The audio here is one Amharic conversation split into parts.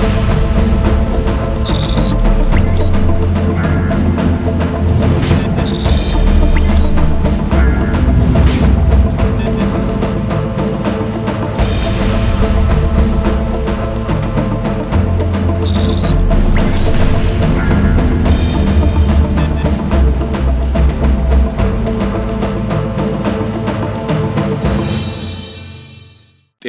Thank you.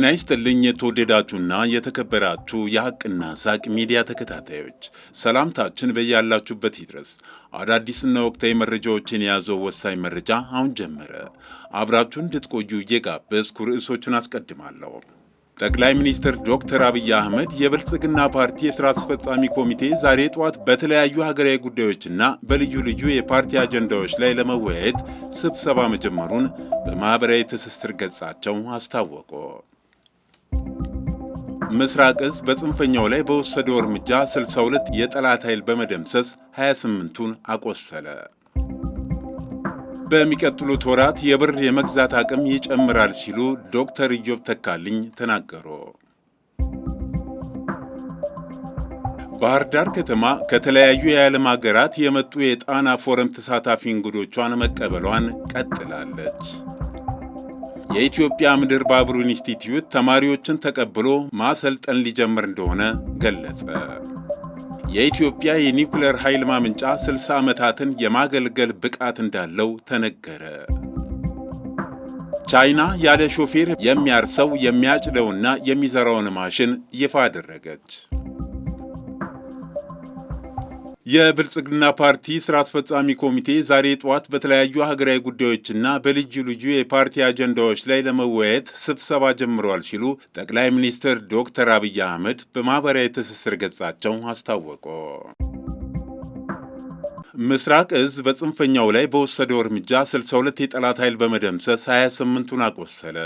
ጤና ይስጥልኝ የተወደዳችሁና የተከበራችሁ የሐቅና ሳቅ ሚዲያ ተከታታዮች ሰላምታችን በያላችሁበት ይድረስ። አዳዲስና ወቅታዊ መረጃዎችን የያዘው ወሳኝ መረጃ አሁን ጀመረ። አብራችሁን እንድትቆዩ እየጋበዝኩ ርዕሶቹን አስቀድማለሁ። ጠቅላይ ሚኒስትር ዶክተር አብይ አህመድ የብልጽግና ፓርቲ የሥራ አስፈጻሚ ኮሚቴ ዛሬ ጠዋት በተለያዩ ሀገራዊ ጉዳዮችና በልዩ ልዩ የፓርቲ አጀንዳዎች ላይ ለመወያየት ስብሰባ መጀመሩን በማኅበራዊ ትስስር ገጻቸው አስታወቁ። ምስራቅ እዝ በጽንፈኛው ላይ በወሰደው እርምጃ 62 የጠላት ኃይል በመደምሰስ 28ቱን አቆሰለ። በሚቀጥሉት ወራት የብር የመግዛት አቅም ይጨምራል ሲሉ ዶክተር ኢዮብ ተካልኝ ተናገሩ። ባህር ዳር ከተማ ከተለያዩ የዓለም ሀገራት የመጡ የጣና ፎረም ተሳታፊ እንግዶቿን መቀበሏን ቀጥላለች። የኢትዮጵያ ምድር ባቡር ኢንስቲትዩት ተማሪዎችን ተቀብሎ ማሰልጠን ሊጀምር እንደሆነ ገለጸ። የኢትዮጵያ የኒኩሌር ኃይል ማምንጫ 60 ዓመታትን የማገልገል ብቃት እንዳለው ተነገረ። ቻይና ያለ ሾፌር የሚያርሰው የሚያጭደውና የሚዘራውን ማሽን ይፋ አደረገች። የብልጽግና ፓርቲ ስራ አስፈጻሚ ኮሚቴ ዛሬ ጠዋት በተለያዩ ሀገራዊ ጉዳዮችና በልዩ ልዩ የፓርቲ አጀንዳዎች ላይ ለመወያየት ስብሰባ ጀምረዋል ሲሉ ጠቅላይ ሚኒስትር ዶክተር አብይ አህመድ በማህበራዊ ትስስር ገጻቸው አስታወቁ። ምስራቅ እዝ በጽንፈኛው ላይ በወሰደው እርምጃ 62 የጠላት ኃይል በመደምሰስ 28ቱን አቆሰለ።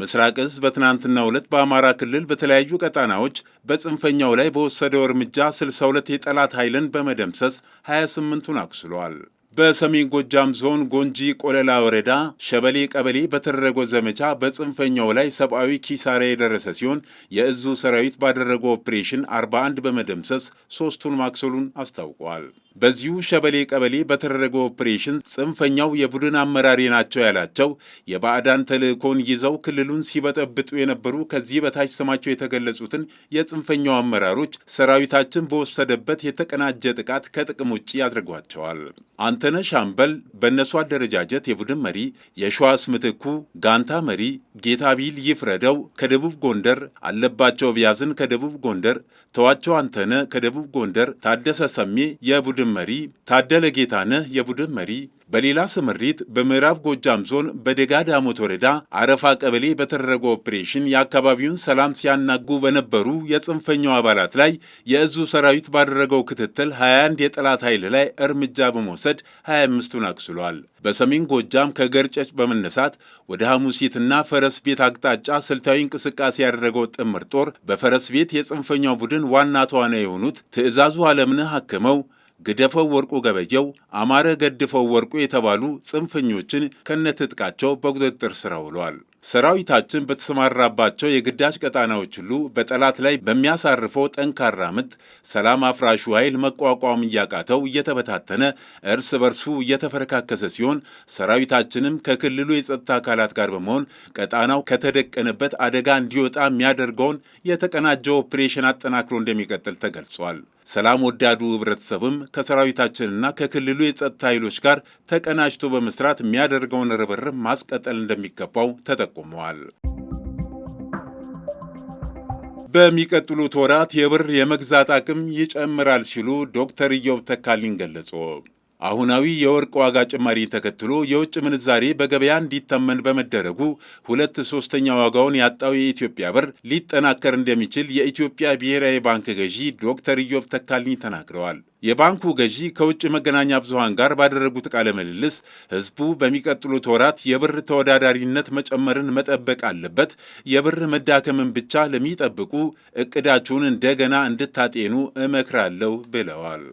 ምስራቅ እዝ በትናንትናው ዕለት በአማራ ክልል በተለያዩ ቀጣናዎች በጽንፈኛው ላይ በወሰደው እርምጃ 62 የጠላት ኃይልን በመደምሰስ 28ቱን አቁስሏል። በሰሜን ጎጃም ዞን ጎንጂ ቆለላ ወረዳ ሸበሌ ቀበሌ በተደረገው ዘመቻ በጽንፈኛው ላይ ሰብአዊ ኪሳራ የደረሰ ሲሆን የእዙ ሰራዊት ባደረገው ኦፕሬሽን 41 በመደምሰስ ሦስቱን ማክሰሉን አስታውቋል። በዚሁ ሸበሌ ቀበሌ በተደረገ ኦፕሬሽን ጽንፈኛው የቡድን አመራሪ ናቸው ያላቸው የባዕዳን ተልእኮን ይዘው ክልሉን ሲበጠብጡ የነበሩ ከዚህ በታች ስማቸው የተገለጹትን የጽንፈኛው አመራሮች ሰራዊታችን በወሰደበት የተቀናጀ ጥቃት ከጥቅም ውጭ ያድርጓቸዋል። አንተነ ሻምበል በእነሱ አደረጃጀት የቡድን መሪ፣ የሸዋስ ምትኩ ጋንታ መሪ፣ ጌታቢል ይፍረደው ከደቡብ ጎንደር፣ አለባቸው ቢያዝን ከደቡብ ጎንደር፣ ተዋቸው አንተነ ከደቡብ ጎንደር፣ ታደሰ ሰሜ የቡድን የቡድን መሪ፣ ታደለ ጌታነህ የቡድን መሪ። በሌላ ስምሪት በምዕራብ ጎጃም ዞን በደጋ ዳሞት ወረዳ አረፋ ቀበሌ በተደረገ ኦፕሬሽን የአካባቢውን ሰላም ሲያናጉ በነበሩ የጽንፈኛው አባላት ላይ የእዙ ሰራዊት ባደረገው ክትትል 21 የጠላት ኃይል ላይ እርምጃ በመውሰድ 25ቱን አክስሏል። በሰሜን ጎጃም ከገርጨጭ በመነሳት ወደ ሐሙሲትና ፈረስ ቤት አቅጣጫ ስልታዊ እንቅስቃሴ ያደረገው ጥምር ጦር በፈረስ ቤት የጽንፈኛው ቡድን ዋና ተዋና የሆኑት ትዕዛዙ አለምነህ አክመው ግደፈው ወርቁ ገበየው፣ አማረ ገድፈው ወርቁ የተባሉ ጽንፈኞችን ከነትጥቃቸው በቁጥጥር ስር ውሏል። ሰራዊታችን በተሰማራባቸው የግዳጅ ቀጣናዎች ሁሉ በጠላት ላይ በሚያሳርፈው ጠንካራ ምት ሰላም አፍራሹ ኃይል መቋቋም እያቃተው እየተበታተነ እርስ በርሱ እየተፈረካከሰ ሲሆን ሰራዊታችንም ከክልሉ የጸጥታ አካላት ጋር በመሆን ቀጣናው ከተደቀነበት አደጋ እንዲወጣ የሚያደርገውን የተቀናጀ ኦፕሬሽን አጠናክሮ እንደሚቀጥል ተገልጿል። ሰላም ወዳዱ ህብረተሰብም ከሰራዊታችንና ከክልሉ የጸጥታ ኃይሎች ጋር ተቀናጅቶ በመስራት የሚያደርገውን ርብርብ ማስቀጠል እንደሚገባው ተጠቁመዋል። በሚቀጥሉት ወራት የብር የመግዛት አቅም ይጨምራል ሲሉ ዶክተር ኢዮብ ተካልኝ ገለጹ። አሁናዊ የወርቅ ዋጋ ጭማሪን ተከትሎ የውጭ ምንዛሬ በገበያ እንዲተመን በመደረጉ ሁለት ሶስተኛ ዋጋውን ያጣው የኢትዮጵያ ብር ሊጠናከር እንደሚችል የኢትዮጵያ ብሔራዊ ባንክ ገዢ ዶክተር ኢዮብ ተካልኝ ተናግረዋል። የባንኩ ገዢ ከውጭ መገናኛ ብዙሃን ጋር ባደረጉት ቃለ ምልልስ ሕዝቡ በሚቀጥሉት ወራት የብር ተወዳዳሪነት መጨመርን መጠበቅ አለበት፣ የብር መዳከምን ብቻ ለሚጠብቁ እቅዳችሁን እንደገና እንድታጤኑ እመክራለሁ ብለዋል።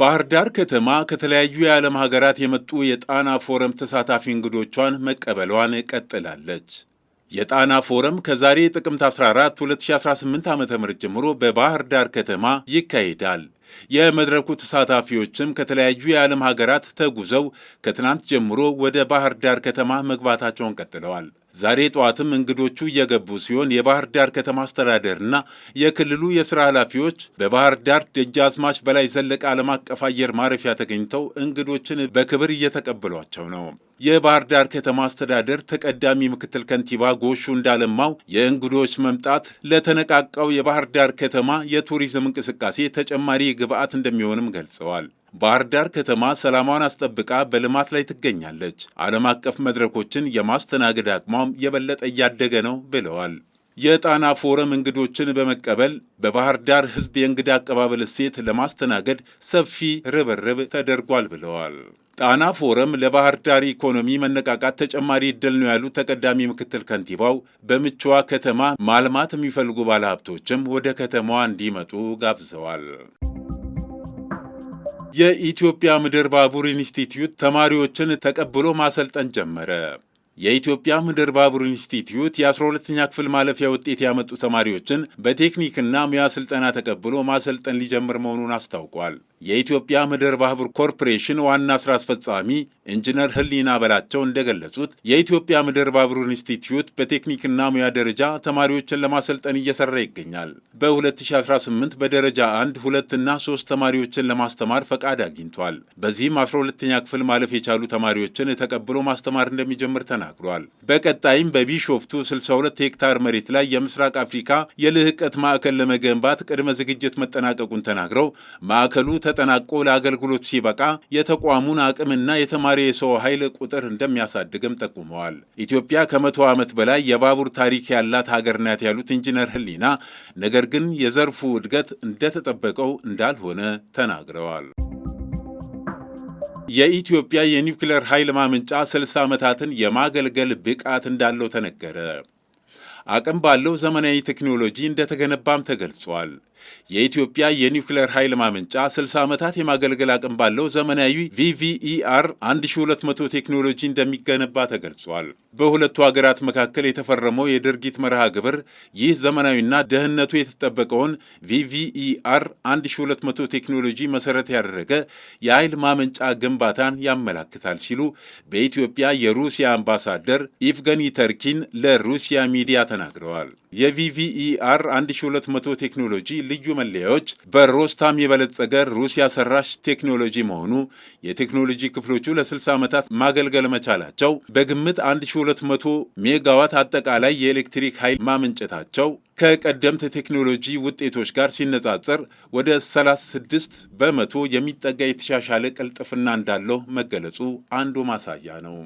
ባህር ዳር ከተማ ከተለያዩ የዓለም ሀገራት የመጡ የጣና ፎረም ተሳታፊ እንግዶቿን መቀበሏን ቀጥላለች። የጣና ፎረም ከዛሬ ጥቅምት 14 2018 ዓ ም ጀምሮ በባህር ዳር ከተማ ይካሄዳል። የመድረኩ ተሳታፊዎችም ከተለያዩ የዓለም ሀገራት ተጉዘው ከትናንት ጀምሮ ወደ ባህር ዳር ከተማ መግባታቸውን ቀጥለዋል። ዛሬ ጠዋትም እንግዶቹ እየገቡ ሲሆን የባህር ዳር ከተማ አስተዳደርና የክልሉ የሥራ ኃላፊዎች በባህር ዳር ደጃዝማች በላይ ዘለቀ ዓለም አቀፍ አየር ማረፊያ ተገኝተው እንግዶችን በክብር እየተቀበሏቸው ነው። የባህር ዳር ከተማ አስተዳደር ተቀዳሚ ምክትል ከንቲባ ጎሹ እንዳለማው የእንግዶች መምጣት ለተነቃቃው የባህር ዳር ከተማ የቱሪዝም እንቅስቃሴ ተጨማሪ ግብዓት እንደሚሆንም ገልጸዋል። ባህር ዳር ከተማ ሰላሟን አስጠብቃ በልማት ላይ ትገኛለች። ዓለም አቀፍ መድረኮችን የማስተናገድ አቅሟም የበለጠ እያደገ ነው ብለዋል። የጣና ፎረም እንግዶችን በመቀበል በባህር ዳር ሕዝብ የእንግዳ አቀባበል እሴት ለማስተናገድ ሰፊ ርብርብ ተደርጓል ብለዋል። ጣና ፎረም ለባህር ዳር ኢኮኖሚ መነቃቃት ተጨማሪ እድል ነው ያሉት ተቀዳሚ ምክትል ከንቲባው በምቹዋ ከተማ ማልማት የሚፈልጉ ባለሀብቶችም ወደ ከተማዋ እንዲመጡ ጋብዘዋል። የኢትዮጵያ ምድር ባቡር ኢንስቲትዩት ተማሪዎችን ተቀብሎ ማሰልጠን ጀመረ። የኢትዮጵያ ምድር ባቡር ኢንስቲትዩት የ12ኛ ክፍል ማለፊያ ውጤት ያመጡ ተማሪዎችን በቴክኒክና ሙያ ስልጠና ተቀብሎ ማሰልጠን ሊጀምር መሆኑን አስታውቋል። የኢትዮጵያ ምድር ባቡር ኮርፖሬሽን ዋና ስራ አስፈጻሚ ኢንጂነር ህሊና በላቸው እንደገለጹት የኢትዮጵያ ምድር ባቡር ኢንስቲትዩት በቴክኒክና ሙያ ደረጃ ተማሪዎችን ለማሰልጠን እየሰራ ይገኛል። በ2018 በደረጃ 1 2 እና 3 ተማሪዎችን ለማስተማር ፈቃድ አግኝቷል። በዚህም 12ኛ ክፍል ማለፍ የቻሉ ተማሪዎችን ተቀብሎ ማስተማር እንደሚጀምር ተናል ተናግሯል። በቀጣይም በቢሾፍቱ 62 ሄክታር መሬት ላይ የምስራቅ አፍሪካ የልህቀት ማዕከል ለመገንባት ቅድመ ዝግጅት መጠናቀቁን ተናግረው ማዕከሉ ተጠናቆ ለአገልግሎት ሲበቃ የተቋሙን አቅምና የተማሪ የሰው ኃይል ቁጥር እንደሚያሳድግም ጠቁመዋል። ኢትዮጵያ ከመቶ ዓመት በላይ የባቡር ታሪክ ያላት ሀገር ናት ያሉት ኢንጂነር ህሊና ነገር ግን የዘርፉ እድገት እንደተጠበቀው እንዳልሆነ ተናግረዋል። የኢትዮጵያ የኒውክሌር ኃይል ማመንጫ 60 ዓመታትን የማገልገል ብቃት እንዳለው ተነገረ። አቅም ባለው ዘመናዊ ቴክኖሎጂ እንደተገነባም ተገልጿል። የኢትዮጵያ የኒውክሌር ኃይል ማመንጫ 60 ዓመታት የማገልገል አቅም ባለው ዘመናዊ ቪቪኢአር 1200 ቴክኖሎጂ እንደሚገነባ ተገልጿል። በሁለቱ ሀገራት መካከል የተፈረመው የድርጊት መርሃ ግብር ይህ ዘመናዊና ደህንነቱ የተጠበቀውን ቪቪኢአር 1200 ቴክኖሎጂ መሰረት ያደረገ የኃይል ማመንጫ ግንባታን ያመላክታል ሲሉ በኢትዮጵያ የሩሲያ አምባሳደር ኢፍገኒ ተርኪን ለሩሲያ ሚዲያ ተናግረዋል። የቪቪኢአር 1200 ቴክኖሎጂ ልዩ መለያዎች በሮስታም የበለጸገ ሩሲያ ሰራሽ ቴክኖሎጂ መሆኑ፣ የቴክኖሎጂ ክፍሎቹ ለ60 ዓመታት ማገልገል መቻላቸው፣ በግምት 1200 ሜጋዋት አጠቃላይ የኤሌክትሪክ ኃይል ማመንጨታቸው ከቀደምት ቴክኖሎጂ ውጤቶች ጋር ሲነጻጸር ወደ 36 በመቶ የሚጠጋ የተሻሻለ ቅልጥፍና እንዳለው መገለጹ አንዱ ማሳያ ነው።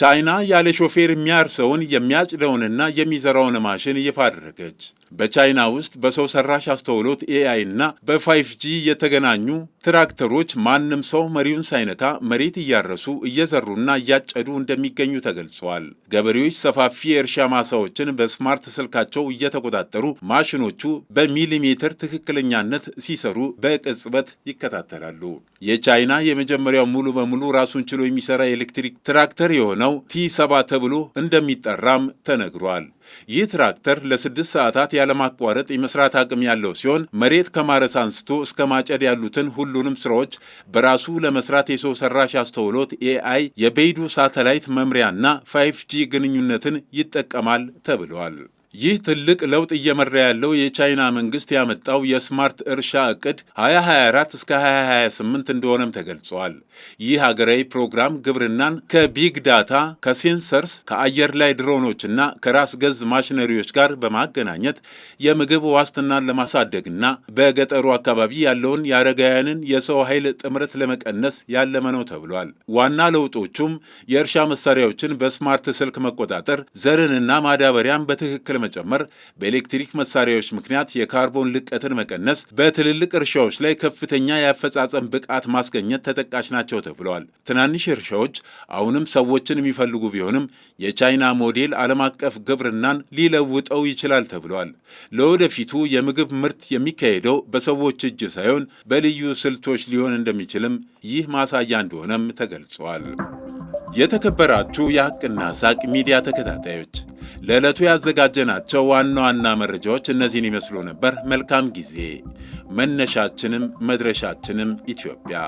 ቻይና ያለ ሾፌር የሚያርሰውን የሚያጭደውንና የሚዘራውን ማሽን ይፋ አደረገች። በቻይና ውስጥ በሰው ሰራሽ አስተውሎት ኤአይ እና 5 ጂ የተገናኙ ትራክተሮች ማንም ሰው መሪውን ሳይነካ መሬት እያረሱ እየዘሩና እያጨዱ እንደሚገኙ ተገልጿል። ገበሬዎች ሰፋፊ የእርሻ ማሳዎችን በስማርት ስልካቸው እየተቆጣጠሩ ማሽኖቹ በሚሊሜትር ትክክለኛነት ሲሰሩ በቅጽበት ይከታተላሉ። የቻይና የመጀመሪያው ሙሉ በሙሉ ራሱን ችሎ የሚሰራ የኤሌክትሪክ ትራክተር የሆነው ቲ ሰባ ተብሎ እንደሚጠራም ተነግሯል። ይህ ትራክተር ለስድስት ሰዓታት ያለማቋረጥ የመስራት አቅም ያለው ሲሆን መሬት ከማረስ አንስቶ እስከ ማጨድ ያሉትን ሁሉንም ስራዎች በራሱ ለመስራት የሰው ሰራሽ አስተውሎት ኤአይ የቤይዱ ሳተላይት መምሪያና ፋይፍ ጂ ግንኙነትን ይጠቀማል ተብሏል። ይህ ትልቅ ለውጥ እየመራ ያለው የቻይና መንግስት ያመጣው የስማርት እርሻ እቅድ 2024 እስከ 2028 እንደሆነም ተገልጿል። ይህ ሀገራዊ ፕሮግራም ግብርናን ከቢግ ዳታ፣ ከሴንሰርስ፣ ከአየር ላይ ድሮኖችና ከራስ ገዝ ማሽነሪዎች ጋር በማገናኘት የምግብ ዋስትናን ለማሳደግና በገጠሩ አካባቢ ያለውን የአረጋውያንን የሰው ኃይል ጥምረት ለመቀነስ ያለመ ነው ተብሏል። ዋና ለውጦቹም የእርሻ መሳሪያዎችን በስማርት ስልክ መቆጣጠር፣ ዘርንና ማዳበሪያን በትክክል መጨመር፣ በኤሌክትሪክ መሳሪያዎች ምክንያት የካርቦን ልቀትን መቀነስ፣ በትልልቅ እርሻዎች ላይ ከፍተኛ የአፈጻጸም ብቃት ማስገኘት ተጠቃሽ ናቸው ተብለዋል። ትናንሽ እርሻዎች አሁንም ሰዎችን የሚፈልጉ ቢሆንም የቻይና ሞዴል ዓለም አቀፍ ግብርናን ሊለውጠው ይችላል ተብለዋል። ለወደፊቱ የምግብ ምርት የሚካሄደው በሰዎች እጅ ሳይሆን በልዩ ስልቶች ሊሆን እንደሚችልም ይህ ማሳያ እንደሆነም ተገልጿል። የተከበራችሁ የሐቅና ሳቅ ሚዲያ ተከታታዮች ለዕለቱ ያዘጋጀናቸው ዋና ዋና መረጃዎች እነዚህን ይመስሉ ነበር። መልካም ጊዜ። መነሻችንም መድረሻችንም ኢትዮጵያ